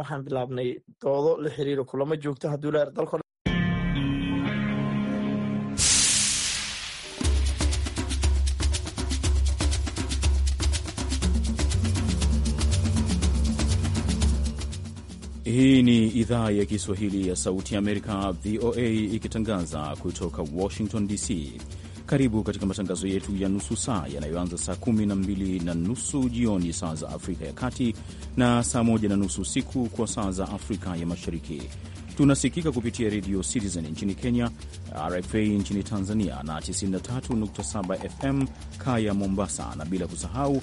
waxaan bilaabnay doodo la xiriiro kulamo joogto haduula dalko Hii ni idhaa ya Kiswahili ya Sauti ya Amerika, VOA, ikitangaza kutoka Washington DC. Karibu katika matangazo yetu ya nusu saa yanayoanza saa kumi na mbili na nusu jioni saa za Afrika ya Kati na saa moja na nusu usiku kwa saa za Afrika ya Mashariki. Tunasikika kupitia redio Citizen nchini Kenya, RFA nchini Tanzania na 93.7 FM Kaya Mombasa, na bila kusahau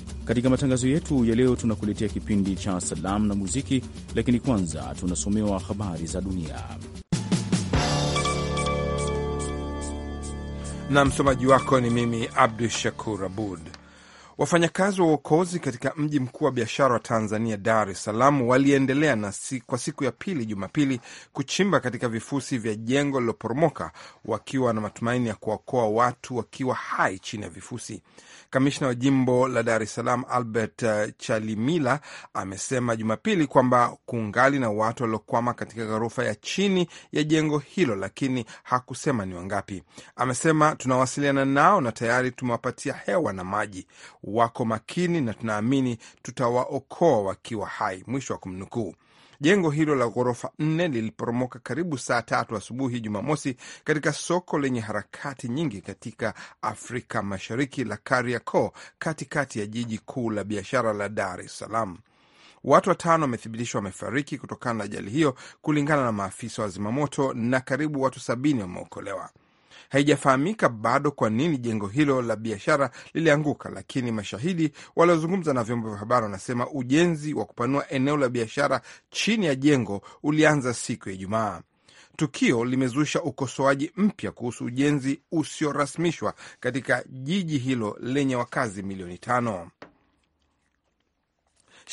Katika matangazo yetu ya leo tunakuletea kipindi cha salamu na muziki, lakini kwanza tunasomewa habari za dunia na msomaji wako ni mimi Abdu Shakur Abud. Wafanyakazi wa uokozi katika mji mkuu wa biashara wa Tanzania, Dar es Salaam, waliendelea na si, kwa siku ya pili Jumapili kuchimba katika vifusi vya jengo lililoporomoka wakiwa na matumaini ya kuwakoa watu wakiwa hai chini ya vifusi. Kamishna wa jimbo la Dar es Salaam Albert uh, Chalimila amesema Jumapili kwamba kungali na watu waliokwama katika ghorofa ya chini ya jengo hilo, lakini hakusema ni wangapi. Amesema tunawasiliana nao na tayari tumewapatia hewa na maji wako makini na tunaamini tutawaokoa wakiwa hai, mwisho wa kumnukuu. Jengo hilo la ghorofa nne liliporomoka karibu saa tatu asubuhi Jumamosi katika soko lenye harakati nyingi katika Afrika Mashariki la Kariakoo, katikati ya jiji kuu la biashara la Dar es Salaam. Watu watano wamethibitishwa wamefariki kutokana na ajali hiyo, kulingana na maafisa wa zimamoto na karibu watu sabini wameokolewa. Haijafahamika bado kwa nini jengo hilo la biashara lilianguka, lakini mashahidi waliozungumza na vyombo vya habari wanasema ujenzi wa kupanua eneo la biashara chini ya jengo ulianza siku ya Ijumaa. Tukio limezusha ukosoaji mpya kuhusu ujenzi usiorasmishwa katika jiji hilo lenye wakazi milioni tano.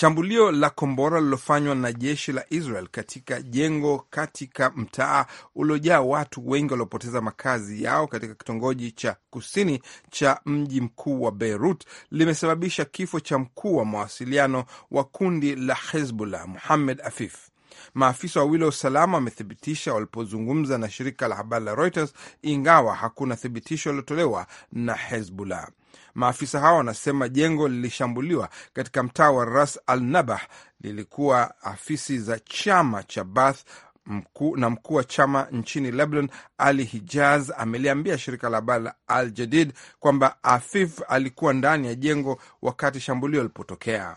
Shambulio la kombora lilofanywa na jeshi la Israel katika jengo katika mtaa uliojaa watu wengi waliopoteza makazi yao katika kitongoji cha kusini cha mji mkuu wa Beirut limesababisha kifo cha mkuu wa mawasiliano wa kundi la Hezbollah Muhammad Afif. Maafisa wawili wa usalama wamethibitisha walipozungumza na shirika la habari la Reuters, ingawa hakuna thibitisho lililotolewa na Hezbollah. Maafisa hao wanasema jengo lilishambuliwa katika mtaa wa Ras Al Nabah, lilikuwa afisi za chama cha bath mkuu na mkuu wa chama nchini Lebanon Ali Hijaz ameliambia shirika la habari la Al Jadid kwamba Afif alikuwa ndani ya jengo wakati shambulio lilipotokea.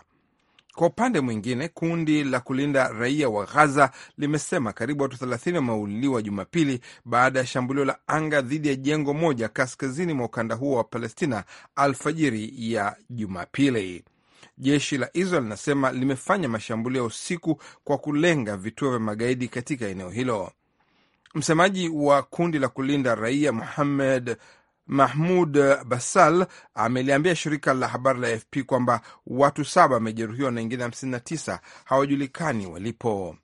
Kwa upande mwingine, kundi la kulinda raia wa Ghaza limesema karibu watu 30 wameuliwa Jumapili baada ya shambulio la anga dhidi ya jengo moja kaskazini mwa ukanda huo wa Palestina alfajiri ya Jumapili. Jeshi la Israel linasema limefanya mashambulio ya usiku kwa kulenga vituo vya magaidi katika eneo hilo. Msemaji wa kundi la kulinda raia Muhamed Mahmud Basal ameliambia shirika la habari la AFP kwamba watu saba wamejeruhiwa na wengine 59 hawajulikani walipo.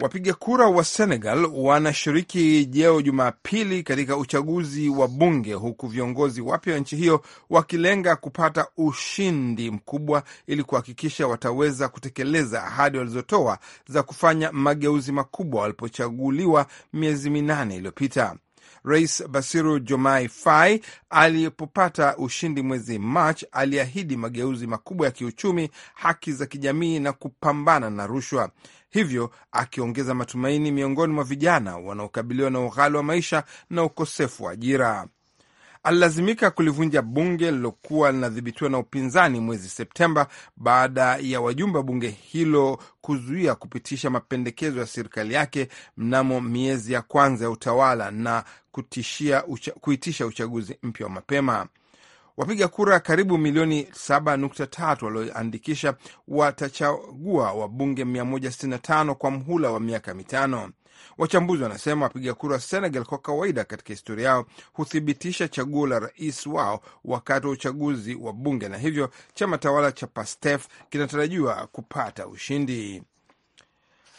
Wapiga kura wa Senegal wanashiriki jeo Jumapili katika uchaguzi wa bunge huku viongozi wapya wa nchi hiyo wakilenga kupata ushindi mkubwa ili kuhakikisha wataweza kutekeleza ahadi walizotoa za kufanya mageuzi makubwa walipochaguliwa miezi minane iliyopita. Rais Basiru Jomai Fai alipopata ushindi mwezi Machi, aliahidi mageuzi makubwa ya kiuchumi, haki za kijamii na kupambana na rushwa, hivyo akiongeza matumaini miongoni mwa vijana wanaokabiliwa na ughali wa maisha na ukosefu wa ajira alilazimika kulivunja bunge lilokuwa linadhibitiwa na upinzani mwezi Septemba baada ya wajumbe wa bunge hilo kuzuia kupitisha mapendekezo ya serikali yake mnamo miezi ya kwanza ya utawala na kutishia ucha, kuitisha uchaguzi mpya wa mapema. Wapiga kura karibu milioni 7.3 walioandikisha watachagua wabunge 165 kwa mhula wa miaka mitano. Wachambuzi wanasema wapiga kura wa Senegal kwa kawaida katika historia yao huthibitisha chaguo la rais wao wakati wa uchaguzi wa bunge, na hivyo chama tawala cha Pastef kinatarajiwa kupata ushindi.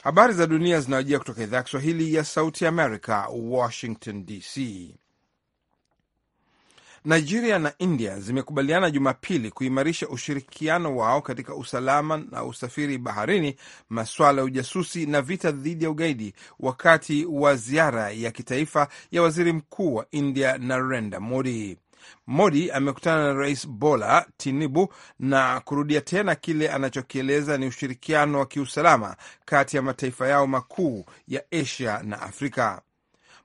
Habari za dunia zinawajia kutoka idhaa ya Kiswahili ya Sauti America, Washington DC. Nigeria na India zimekubaliana Jumapili kuimarisha ushirikiano wao katika usalama na usafiri baharini, masuala ya ujasusi na vita dhidi ya ugaidi, wakati wa ziara ya kitaifa ya waziri mkuu wa India Narendra Modi. Modi amekutana na Rais Bola Tinubu na kurudia tena kile anachokieleza ni ushirikiano wa kiusalama kati ya mataifa yao makuu ya Asia na Afrika.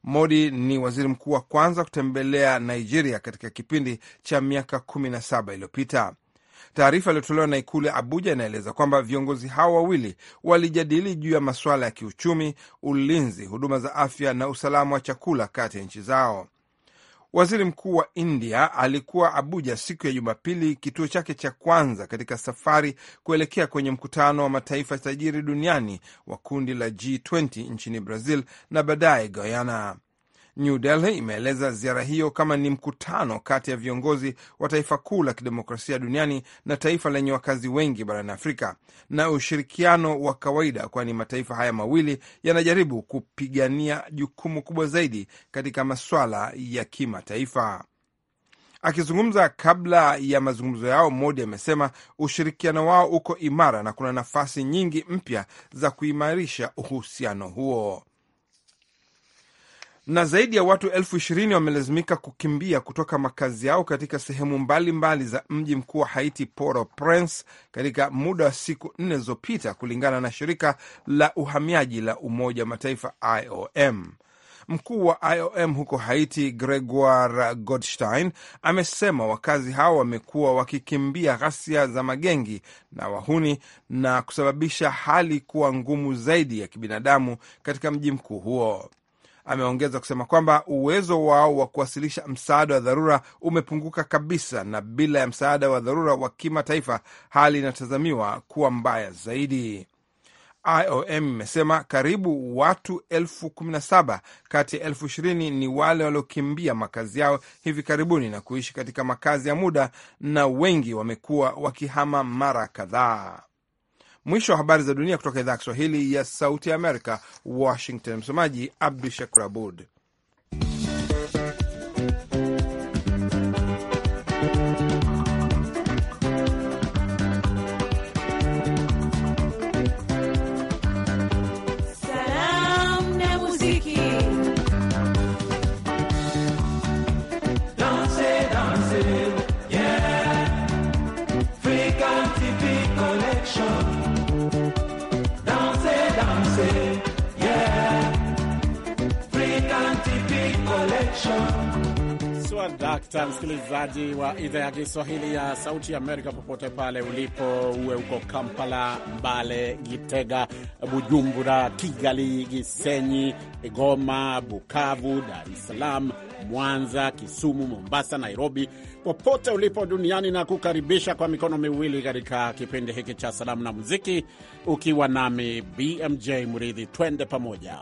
Modi ni waziri mkuu wa kwanza kutembelea Nigeria katika kipindi cha miaka 17 iliyopita. Taarifa iliyotolewa na ikulu ya Abuja inaeleza kwamba viongozi hao wawili walijadili juu ya masuala ya kiuchumi, ulinzi, huduma za afya na usalama wa chakula kati ya nchi zao. Waziri mkuu wa India alikuwa Abuja siku ya Jumapili, kituo chake cha kwanza katika safari kuelekea kwenye mkutano wa mataifa tajiri duniani wa kundi la G20 nchini Brazil na baadaye Guyana. New Delhi imeeleza ziara hiyo kama ni mkutano kati ya viongozi wa taifa kuu la kidemokrasia duniani na taifa lenye wakazi wengi barani Afrika na ushirikiano wa kawaida, kwani mataifa haya mawili yanajaribu kupigania jukumu kubwa zaidi katika masuala ya kimataifa. Akizungumza kabla ya mazungumzo yao, Modi amesema ushirikiano wao uko imara na kuna nafasi nyingi mpya za kuimarisha uhusiano huo na zaidi ya watu elfu ishirini wamelazimika kukimbia kutoka makazi yao katika sehemu mbalimbali mbali za mji mkuu wa Haiti, Port-au-Prince, katika muda wa siku nne zilizopita, kulingana na shirika la uhamiaji la Umoja wa Mataifa, IOM. Mkuu wa IOM huko Haiti, Gregoire Godstein, amesema wakazi hao wamekuwa wakikimbia ghasia za magengi na wahuni na kusababisha hali kuwa ngumu zaidi ya kibinadamu katika mji mkuu huo. Ameongeza kusema kwamba uwezo wao wa kuwasilisha msaada wa dharura umepunguka kabisa, na bila ya msaada wa dharura wa kimataifa hali inatazamiwa kuwa mbaya zaidi. IOM imesema karibu watu elfu kumi na saba kati ya elfu ishirini ni wale waliokimbia makazi yao hivi karibuni na kuishi katika makazi ya muda, na wengi wamekuwa wakihama mara kadhaa. Mwisho wa habari za dunia kutoka idhaa ya Kiswahili ya Sauti ya Amerika, Washington. Msomaji Abdu Shakur Abud. Bakta, msikilizaji wa idhaa ya Kiswahili ya Sauti ya Amerika, popote pale ulipo, uwe uko Kampala, Mbale, Gitega, Bujumbura, Kigali, Gisenyi, Goma, Bukavu, Dar es Salaam, Mwanza, Kisumu, Mombasa, Nairobi, popote ulipo duniani na kukaribisha kwa mikono miwili katika kipindi hiki cha salamu na muziki, ukiwa nami BMJ mridhi twende pamoja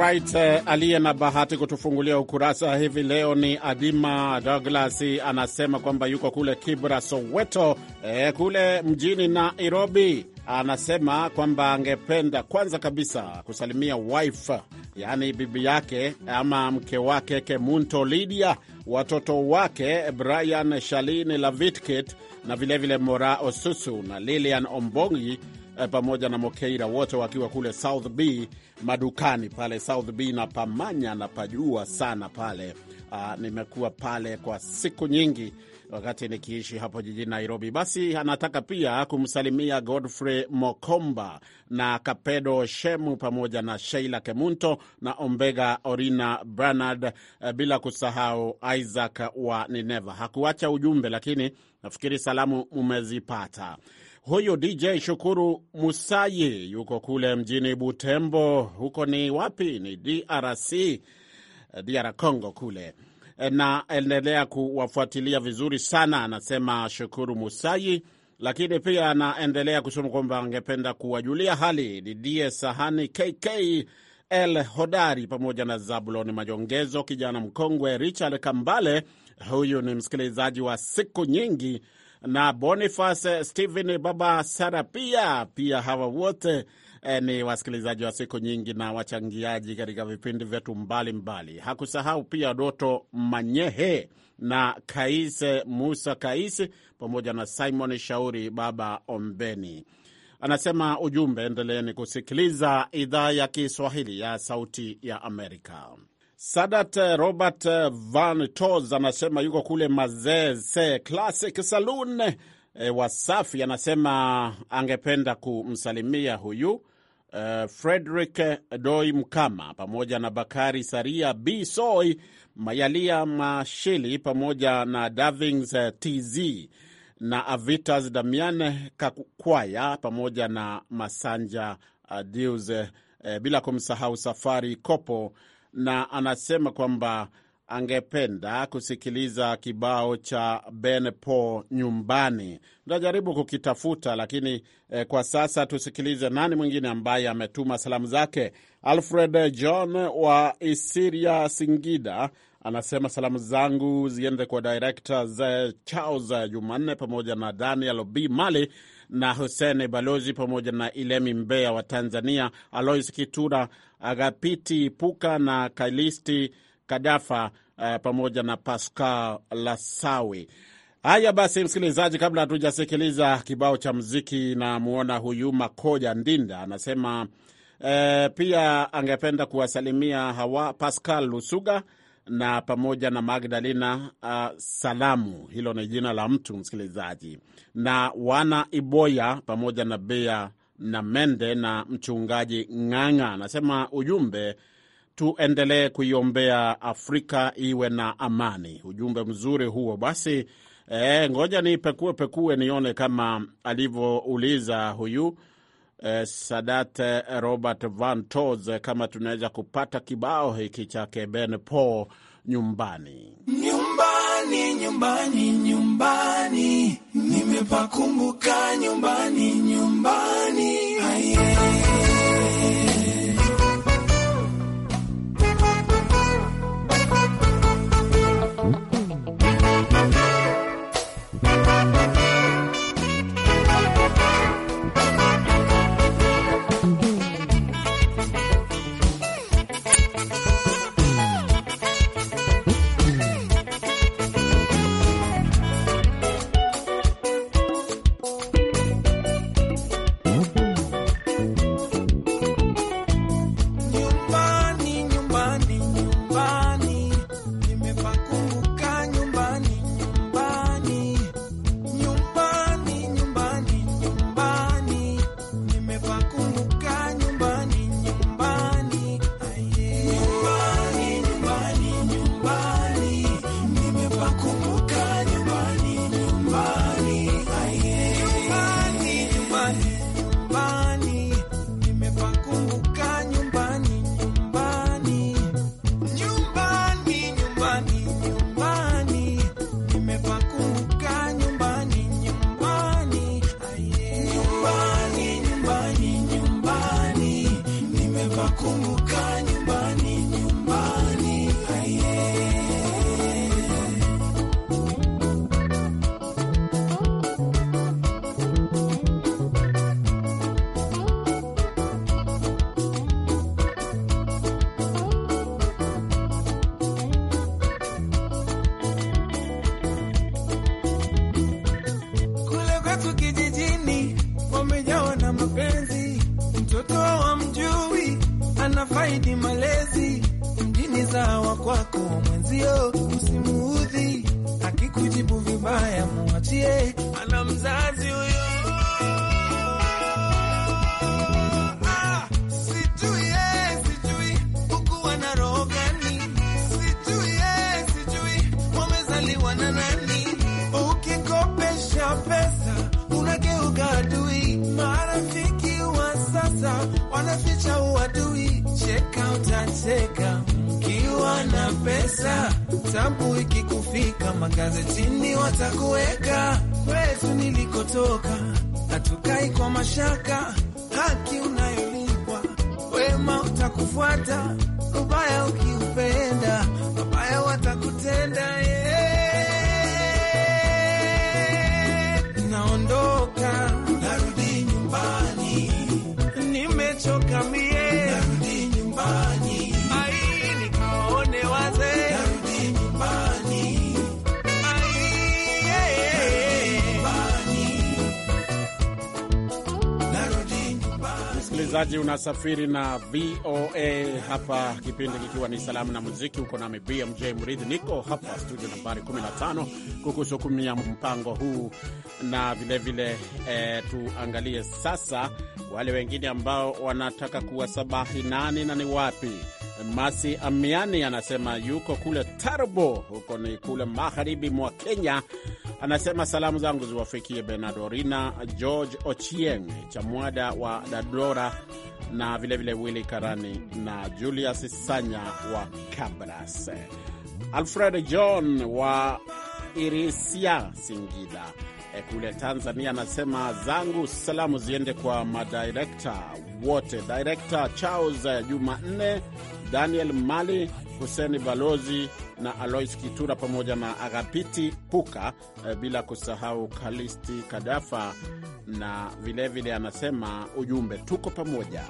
Wright eh, aliye na bahati kutufungulia ukurasa hivi leo ni Adima Douglas, anasema kwamba yuko kule Kibra, Soweto, eh, kule mjini Nairobi. Anasema kwamba angependa kwanza kabisa kusalimia wife, yaani bibi yake ama mke wake Kemunto Lydia, watoto wake Brian, Shalini Lavitkit na vilevile Mora Osusu na Lilian Ombongi Eh, pamoja na Mokeira, wote wakiwa kule South B madukani pale South B na pamanya na pajua sana pale. Uh, nimekuwa pale kwa siku nyingi wakati nikiishi hapo jijini Nairobi. Basi anataka pia kumsalimia Godfrey Mokomba na Kapedo Shemu pamoja na Sheila Kemunto na Ombega Orina Bernard, eh, bila kusahau Isaac wa Nineva. Hakuacha ujumbe, lakini nafikiri salamu mumezipata. Huyu DJ Shukuru musayi yuko kule mjini Butembo, huko ni wapi? Ni DRC, DR Congo kule, na endelea kuwafuatilia vizuri sana, anasema Shukuru Musayi. Lakini pia anaendelea kusema kwamba angependa kuwajulia hali Didie Sahani, KK El Hodari pamoja na zabulon Majongezo, kijana mkongwe Richard Kambale. Huyu ni msikilizaji wa siku nyingi na Boniface Stephen Baba Sarapia. Pia hawa wote eh, ni wasikilizaji wa siku nyingi na wachangiaji katika vipindi vyetu mbalimbali. Hakusahau pia Doto Manyehe na Kaise Musa Kaisi pamoja na Simon Shauri Baba Ombeni. Anasema ujumbe, endeleeni kusikiliza idhaa ya Kiswahili ya Sauti ya Amerika. Sadat Robert Van Tos anasema yuko kule Mazese Classic Saloon e, Wasafi. Anasema angependa kumsalimia huyu Uh, Frederick Doi Mkama pamoja na Bakari Saria B soi Mayalia Mashili pamoja na Davings TZ na Avitas Damian Kakwaya pamoja na Masanja dius uh, e, bila kumsahau Safari Kopo na anasema kwamba angependa kusikiliza kibao cha Ben Paul nyumbani. Tutajaribu kukitafuta, lakini eh, kwa sasa tusikilize nani mwingine ambaye ametuma salamu zake. Alfred John wa Isiria, Singida, anasema salamu zangu ziende kwa director eh, Charles Jumanne pamoja na Daniel B Mali na Hussein Balozi pamoja na Ilemi Mbeya wa Tanzania, Alois Kitura, Agapiti Puka na Kailisti Kadafa uh, pamoja na Pascal Lasawi. Haya basi, msikilizaji, kabla hatujasikiliza kibao cha mziki, namwona huyu Makoja Ndinda anasema uh, pia angependa kuwasalimia hawa Pascal Lusuga na pamoja na Magdalena uh, Salamu, hilo ni jina la mtu msikilizaji, na wana Iboya pamoja na Bea na Mende na mchungaji Ng'ang'a anasema ujumbe tuendelee kuiombea Afrika iwe na amani. Ujumbe mzuri huo. Basi e, ngoja ni pekue pekue nione kama alivyouliza huyu eh, Sadat eh, Robert Van Tos, eh, kama tunaweza kupata kibao hiki chake Ben Paul nyumbani, nyumbani, nyumbani, nyumbani, nimepakumbuka nyumbani, nyumbani tabu ikikufika magazetini watakuweka. Kwetu nilikotoka hatukai kwa mashaka, haki unayolipwa wema utakufuata, ubaya ukiupenda mabaya watakutenda. msikilizaji, unasafiri na VOA hapa, kipindi kikiwa ni salamu na muziki. Uko nami BMJ Mridhi, niko hapa studio nambari 15 kukusukumia mpango huu na vilevile vile, eh, tuangalie sasa wale wengine ambao wanataka kuwasabahi nani na ni wapi. Masi Amiani anasema yuko kule Tarbo, huko ni kule magharibi mwa Kenya Anasema salamu zangu ziwafikie Benadorina George Ochieng Chamwada wa Dadora na vilevile vile Willi Karani na Julius Sanya wa Kabras, Alfred John wa Irisia Singida eh, kule Tanzania. Anasema zangu salamu ziende kwa madirekta wote, direkta Charles Jumanne, Daniel Mali Huseni Balozi na Alois Kitura pamoja na Agapiti Puka, eh, bila kusahau Kalisti Kadafa na vilevile vile anasema ujumbe tuko pamoja.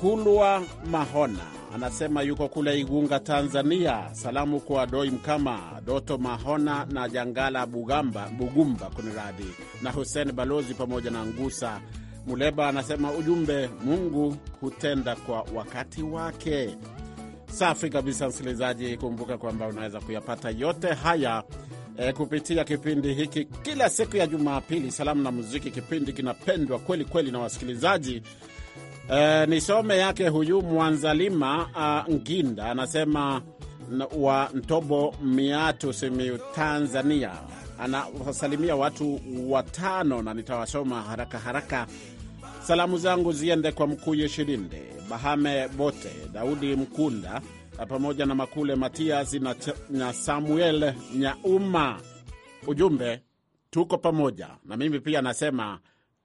Kulwa Mahona anasema yuko kule Igunga, Tanzania. Salamu kwa Doi Mkama, Doto Mahona na Jangala Bugamba, Bugumba kuniradhi, na Hussein Balozi pamoja na Ngusa Muleba. Anasema ujumbe, Mungu hutenda kwa wakati wake. Safi kabisa, msikilizaji, kumbuka kwamba unaweza kuyapata yote haya e, kupitia kipindi hiki kila siku ya Jumapili, salamu na muziki. Kipindi kinapendwa kweli kweli na wasikilizaji. E, nisome yake huyu Mwanzalima uh, Nginda anasema wa Ntobo Miatu Simiu, Tanzania, anawasalimia watu watano na nitawasoma haraka haraka. Salamu zangu ziende kwa Mkuye Shirinde, Bahame Bote, Daudi Mkunda, pamoja na Makule Matias na, na Samuel Nyauma. Ujumbe tuko pamoja, na mimi pia nasema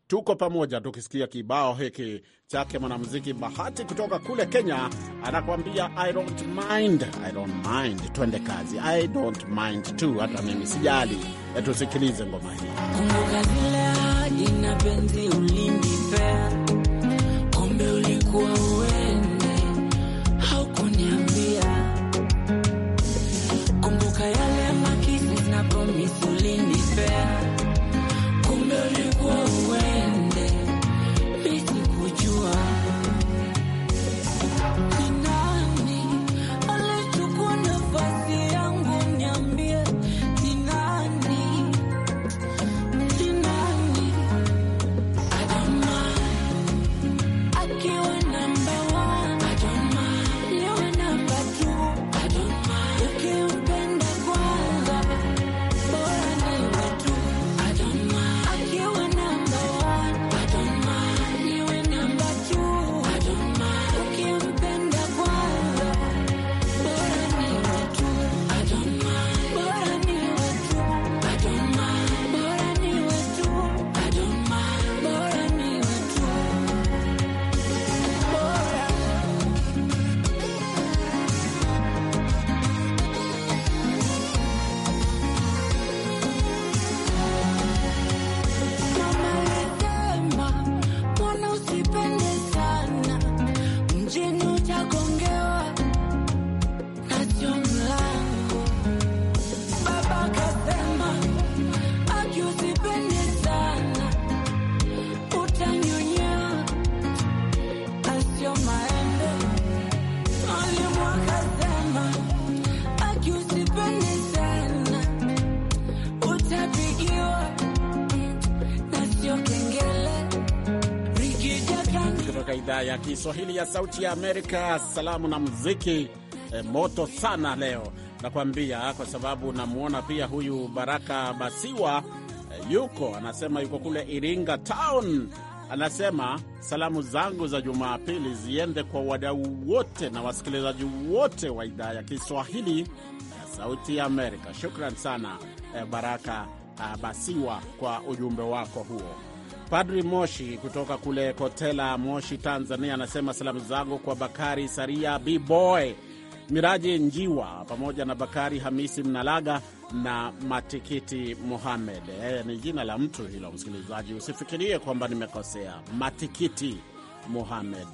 tuko pamoja, tukisikia kibao hiki chake mwanamuziki Bahati kutoka kule Kenya, anakuambia I don't mind, I don't mind. Twende kazi, I don't mind hata mimi sijali. E, tusikilize ngoma hii. Kumbuka ahadi na penzi ulinipea, ulikuwa uwe been kutoka idhaa ya Kiswahili ya Sauti ya Amerika. Salamu na muziki e, moto sana leo nakwambia, kwa sababu namwona pia huyu Baraka Basiwa e, yuko anasema, yuko kule Iringa town anasema salamu zangu za Jumapili ziende kwa wadau wote na wasikilizaji wote wa idhaa ya Kiswahili ya Sauti ya Amerika. Shukran sana eh, Baraka ah, Basiwa kwa ujumbe wako huo. Padri Moshi kutoka kule Kotela, Moshi, Tanzania, anasema salamu zangu kwa Bakari Saria, Bboy Miraji Njiwa pamoja na Bakari Hamisi Mnalaga na Matikiti Muhamed. E, ni jina la mtu hilo, msikilizaji, usifikirie kwamba nimekosea. Matikiti Mohamed.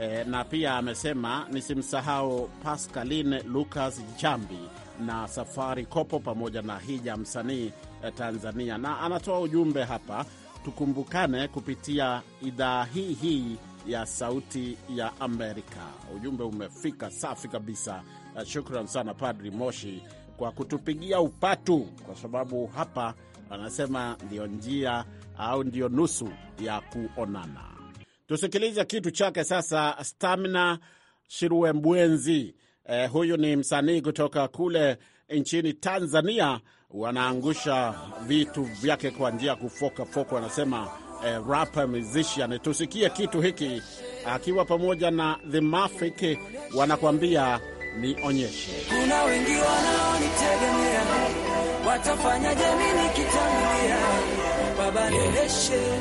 E, na pia amesema nisimsahau Pascaline Lucas Jambi na Safari Kopo pamoja na Hija msanii e, Tanzania, na anatoa ujumbe hapa tukumbukane kupitia idhaa hii hii ya Sauti ya Amerika. Ujumbe umefika safi kabisa. Eh, shukran sana Padri Moshi kwa kutupigia upatu, kwa sababu hapa wanasema ndiyo njia au ndiyo nusu ya kuonana. Tusikilize kitu chake sasa. Stamina Shirue Mbwenzi eh, huyu ni msanii kutoka kule nchini Tanzania wanaangusha vitu vyake kwa njia ya kufokafoka, wanasema eh, rapper musician. Tusikie kitu hiki akiwa pamoja na The Mafik, wanakwambia nionyeshe. Kuna wengi wanaonitegemea, watafanya jamii nikitangulia, baba niendeshe,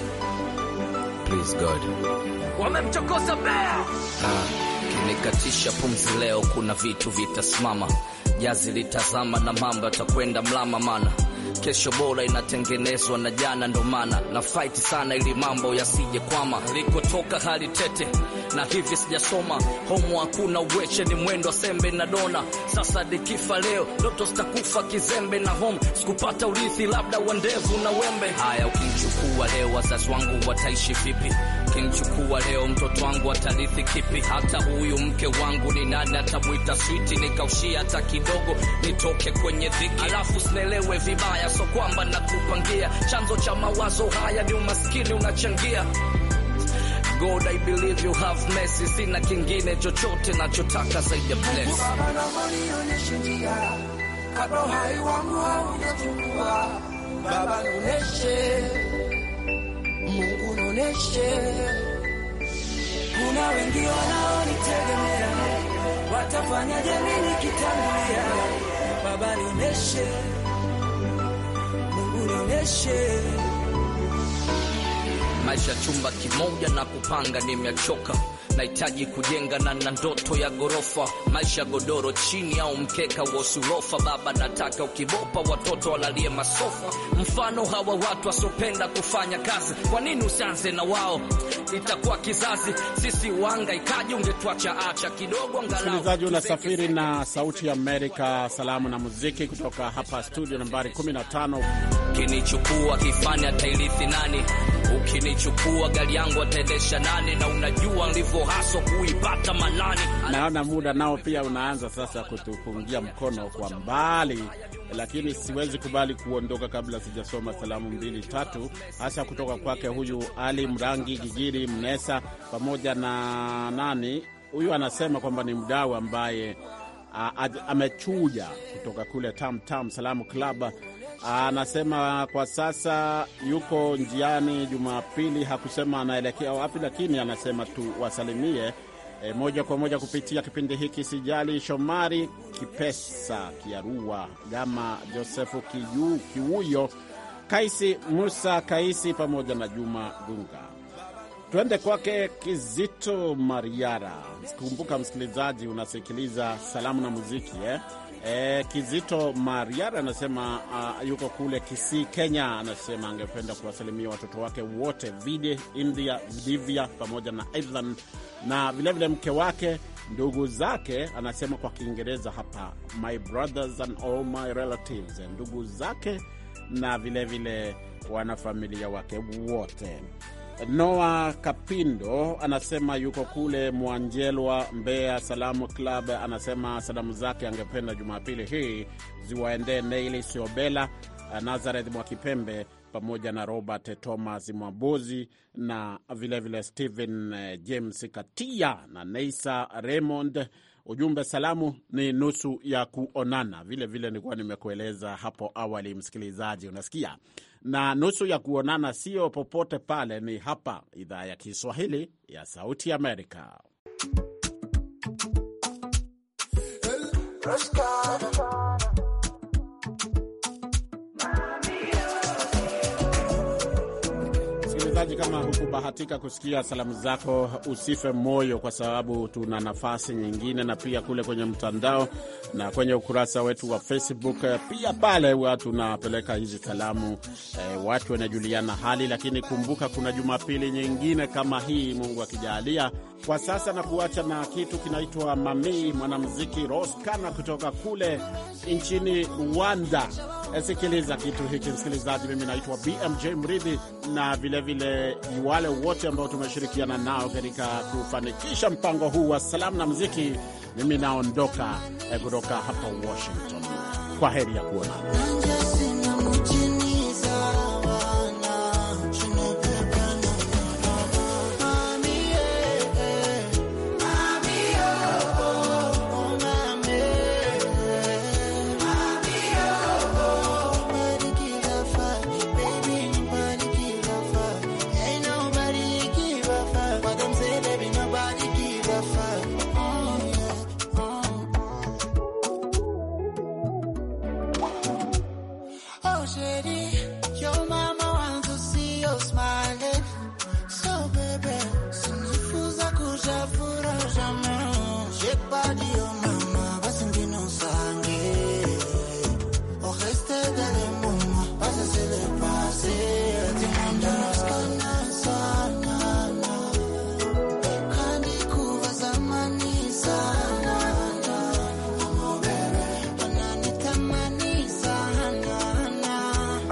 please God, wamemchokoza bea, ah, kinikatisha pumzi leo, kuna vitu vitasimama jazi litazama na mambo yatakwenda mlama, mana kesho bora inatengenezwa na jana, ndo maana na fight sana ili mambo yasije kwama, likotoka hali tete na hivi sijasoma homo, hakuna uweche, ni mwendo sembe na dona. Sasa nikifa leo, ndoto zitakufa kizembe na home, sikupata urithi, labda wa ndevu na wembe. Haya, ukimchukua leo, wazazi wangu wataishi vipi? Ukimchukua leo, mtoto wangu atarithi kipi? Hata huyu mke wangu ni nani, atamwita switi? Nikaushia hata kidogo, nitoke kwenye dhiki, alafu sinelewe vibaya, so kwamba nakupangia chanzo cha mawazo haya ni umaskini unachangia God, I believe you have mercy. Sina kingine chochote nachotaka zaidi ya bless. Kabla uhai wangu haujachukua, Baba nioneshe, Mungu nioneshe. Kuna wengi wanaonitegemea, watafanyaje mimi nikitangulia? Baba nioneshe, Mungu nioneshe maisha chumba kimoja na kupanga, nimechoka nahitaji kujenga na na ndoto ya gorofa, maisha godoro chini au mkeka wa surofa. Baba nataka ukibopa watoto walalie masofa, mfano hawa watu wasiopenda kufanya kazi. Kwa nini usianze na wao? Itakuwa kizazi sisi wanga ikaji ungetuacha acha kidogo angalau. Msikilizaji, unasafiri na Sauti ya Amerika, salamu na muziki kutoka hapa studio nambari 15. Kinichukua kifanya atailithi nani? Ukinichukua gari yangu ataendesha nane, na unajua nilivyo haso kuipata manani. Naona muda nao pia unaanza sasa kutupungia mkono kwa mbali, lakini siwezi kubali kuondoka kabla sijasoma salamu mbili tatu, hasa kutoka kwake huyu Ali Mrangi Gigiri Mnesa pamoja na nani huyu, anasema kwamba ni mdau ambaye amechuja kutoka kule Tam Tam Salamu Club Anasema kwa sasa yuko njiani Jumapili, hakusema anaelekea wapi, lakini anasema tuwasalimie e, eh, moja kwa moja kupitia kipindi hiki Sijali Shomari Kipesa Kiarua Gama Josefu Kiyu, Kiuyo Kaisi Musa Kaisi pamoja na Juma Dunga. Tuende kwake Kizito Mariara. Kumbuka msikilizaji, unasikiliza salamu na muziki eh? E, Kizito Mariara anasema uh, yuko kule Kisii, Kenya. Anasema angependa kuwasalimia watoto wake wote Vide, India, Divya pamoja na Ivan na vilevile mke wake, ndugu zake. Anasema kwa Kiingereza hapa, my brothers and all my relatives, ndugu zake na vilevile wanafamilia wake wote noa Kapindo anasema yuko kule Mwanjelwa, Mbeya. Salamu Club anasema salamu zake angependa Jumapili hii ziwaendee Neili Siobela, Nazareth Mwakipembe pamoja na Robert Thomas Mwabozi na vilevile vile Stephen eh, James Katia na Neisa Raymond. Ujumbe salamu ni nusu ya kuonana. Vilevile nilikuwa nimekueleza hapo awali, msikilizaji, unasikia na nusu ya kuonana sio popote pale, ni hapa idhaa ya Kiswahili ya Sauti Amerika. Msikilizaji, kama hukubahatika kusikia salamu zako, usife moyo, kwa sababu tuna nafasi nyingine, na pia kule kwenye mtandao na kwenye ukurasa wetu wa Facebook pia pale huwa tunapeleka hizi salamu eh, watu wanajuliana hali. Lakini kumbuka kuna Jumapili nyingine kama hii, Mungu akijalia. Kwa sasa na kuacha na kitu kinaitwa Mamii, mwanamuziki Roskana kutoka kule nchini Rwanda sikiliza kitu hiki msikilizaji. Mimi naitwa BMJ Mridhi na vilevile wale wote ambao tumeshirikiana nao katika kufanikisha mpango huu wa salamu na muziki. Mimi naondoka eh, kutoka hapa Washington, kwa heri ya kuonana.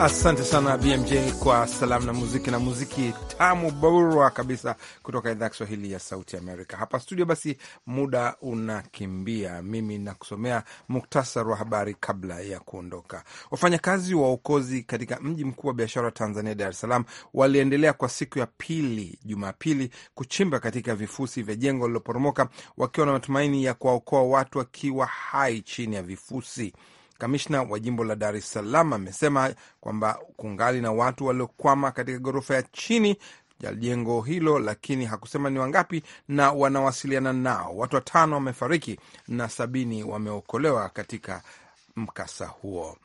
Asante sana BMJ kwa salamu na muziki na muziki tamu burwa kabisa kutoka idhaa ya Kiswahili ya Sauti Amerika hapa studio. Basi muda unakimbia, mimi nakusomea muktasar wa habari kabla ya kuondoka. Wafanyakazi wa uokozi katika mji mkuu wa biashara Tanzania, Dar es Salaam, waliendelea kwa siku ya pili Jumapili kuchimba katika vifusi vya jengo lililoporomoka wakiwa na matumaini ya kuwaokoa watu wakiwa hai chini ya vifusi. Kamishna wa jimbo la Dar es Salaam amesema kwamba kungali na watu waliokwama katika ghorofa ya chini ya jengo hilo, lakini hakusema ni wangapi na wanawasiliana nao. Watu watano wamefariki na sabini wameokolewa katika mkasa huo.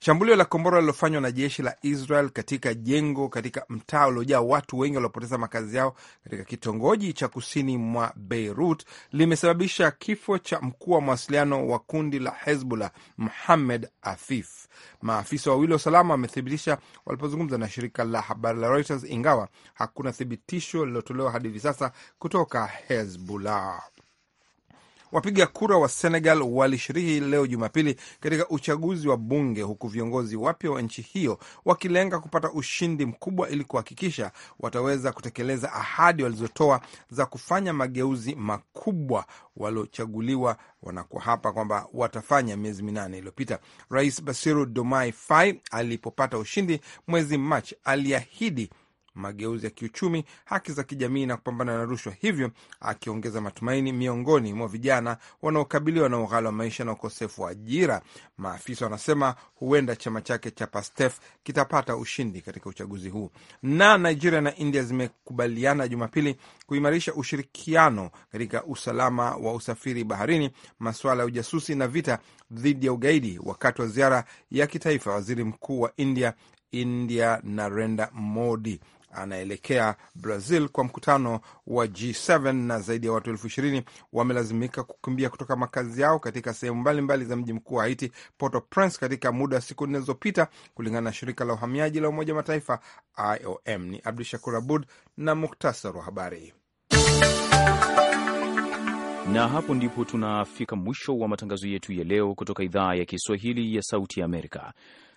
Shambulio la kombora lilofanywa na jeshi la Israel katika jengo katika mtaa uliojaa watu wengi waliopoteza makazi yao katika kitongoji cha kusini mwa Beirut limesababisha kifo cha mkuu wa mawasiliano wa kundi la Hezbollah Muhammad Afif. Maafisa wawili wa usalama wamethibitisha walipozungumza na shirika la habari la Reuters, ingawa hakuna thibitisho lililotolewa hadi hivi sasa kutoka Hezbollah. Wapiga kura wa Senegal walishiriki leo Jumapili katika uchaguzi wa bunge, huku viongozi wapya wa nchi hiyo wakilenga kupata ushindi mkubwa ili kuhakikisha wataweza kutekeleza ahadi walizotoa za kufanya mageuzi makubwa waliochaguliwa wanakuhapa kwamba watafanya miezi minane iliyopita. Rais Basiru Diomaye Faye alipopata ushindi mwezi Machi aliahidi mageuzi ya kiuchumi, haki za kijamii na kupambana na rushwa, hivyo akiongeza matumaini miongoni mwa vijana wanaokabiliwa na ughali wa maisha na ukosefu wa ajira. Maafisa wanasema huenda chama chake cha Pastef kitapata ushindi katika uchaguzi huu. Na Nigeria na India zimekubaliana Jumapili kuimarisha ushirikiano katika usalama wa usafiri baharini, masuala ya ujasusi na vita dhidi ya ugaidi, wakati wa ziara ya kitaifa waziri mkuu wa India India Narendra Modi anaelekea Brazil kwa mkutano wa G7 na zaidi ya watu elfu ishirini wamelazimika kukimbia kutoka makazi yao katika sehemu mbalimbali za mji mkuu wa Haiti, Port-au-Prince, katika muda wa siku nne zilizopita, kulingana na shirika la uhamiaji la Umoja Mataifa IOM. Ni Abdu Shakur Abud na muktasar wa habari na hapo ndipo tunafika mwisho wa matangazo yetu ya leo kutoka idhaa ya Kiswahili ya Sauti ya Amerika.